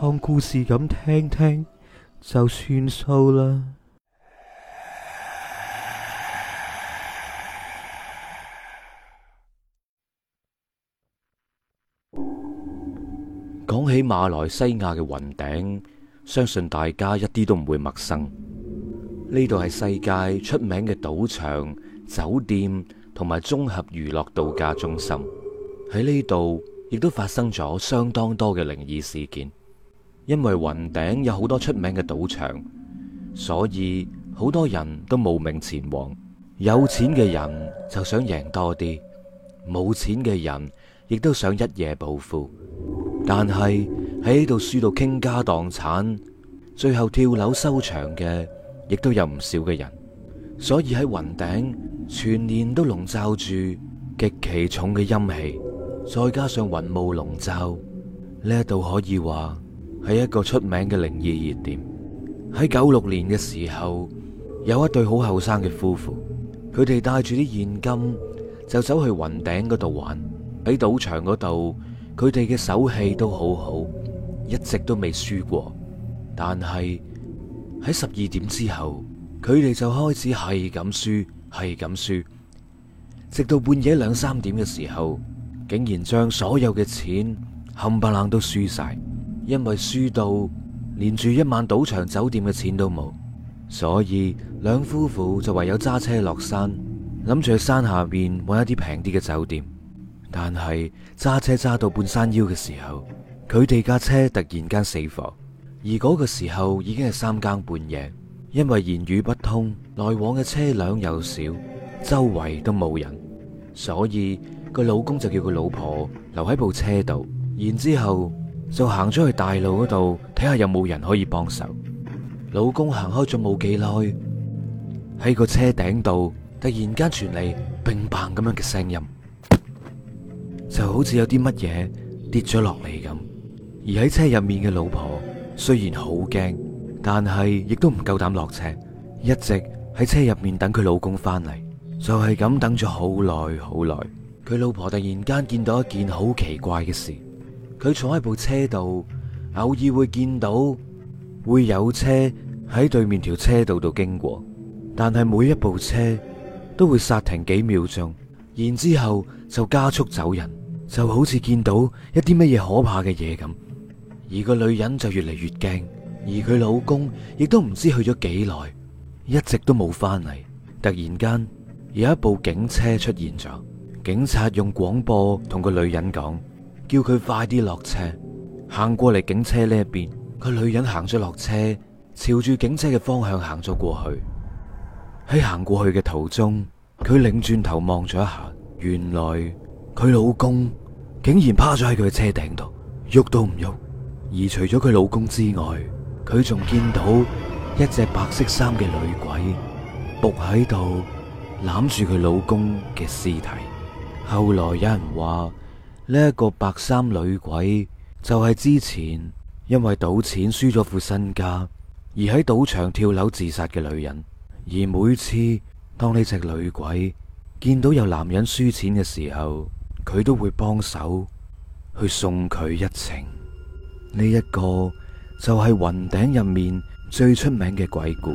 當故事咁聽聽就算數啦。講起馬來西亞嘅雲頂，相信大家一啲都唔會陌生。呢度係世界出名嘅賭場、酒店同埋綜合娛樂度假中心。喺呢度亦都發生咗相當多嘅靈異事件。因為雲頂有好多出名嘅賭場，所以好多人都慕名前往。有錢嘅人就想贏多啲，冇錢嘅人亦都想一夜暴富。但係喺呢度輸到傾家蕩產，最後跳樓收場嘅，亦都有唔少嘅人。所以喺雲頂全年都籠罩住極其重嘅陰氣，再加上雲霧籠罩呢一度，可以話。係一個出名嘅靈異熱點。喺九六年嘅時候，有一對好後生嘅夫婦，佢哋帶住啲現金就走去雲頂嗰度玩。喺賭場嗰度，佢哋嘅手氣都好好，一直都未輸過。但係喺十二點之後，佢哋就開始係咁輸，係咁輸，直到半夜兩三點嘅時候，竟然將所有嘅錢冚唪冷都輸晒。因為輸到連住一晚賭場酒店嘅錢都冇，所以兩夫婦就唯有揸車落山，諗住喺山下邊揾一啲平啲嘅酒店但。但係揸車揸到半山腰嘅時候，佢哋架車突然間死火，而嗰個時候已經係三更半夜。因為言語不通，來往嘅車輛又少，周圍都冇人，所以個老公就叫佢老婆留喺部車度，然之後。就行咗去大路嗰度睇下有冇人可以幫手。老公行開咗冇幾耐，喺個車頂度突然間傳嚟乒乓咁樣嘅聲音，就好似有啲乜嘢跌咗落嚟咁。而喺車入面嘅老婆雖然好驚，但係亦都唔夠膽落車，一直喺車入面等佢老公翻嚟。就係咁等咗好耐好耐，佢老婆突然間見到一件好奇怪嘅事。佢坐喺部車度，偶爾會見到會有車喺對面條車道度經過，但係每一部車都會剎停幾秒鐘，然之後就加速走人，就好似見到一啲乜嘢可怕嘅嘢咁。而個女人就越嚟越驚，而佢老公亦都唔知去咗幾耐，一直都冇翻嚟。突然間有一部警車出現咗，警察用廣播同個女人講。叫佢快啲落車，行過嚟警車呢一邊，個女人行咗落車，朝住警車嘅方向行咗過去。喺行過去嘅途中，佢擰轉頭望咗一下，原來佢老公竟然趴咗喺佢嘅車頂度，喐都唔喐。而除咗佢老公之外，佢仲見到一隻白色衫嘅女鬼，伏喺度攬住佢老公嘅屍體。後來有人話。呢一個白衫女鬼就係之前因為賭錢輸咗副身家而喺賭場跳樓自殺嘅女人，而每次當呢隻女鬼見到有男人輸錢嘅時候，佢都會幫手去送佢一程。呢一個就係雲頂入面最出名嘅鬼故。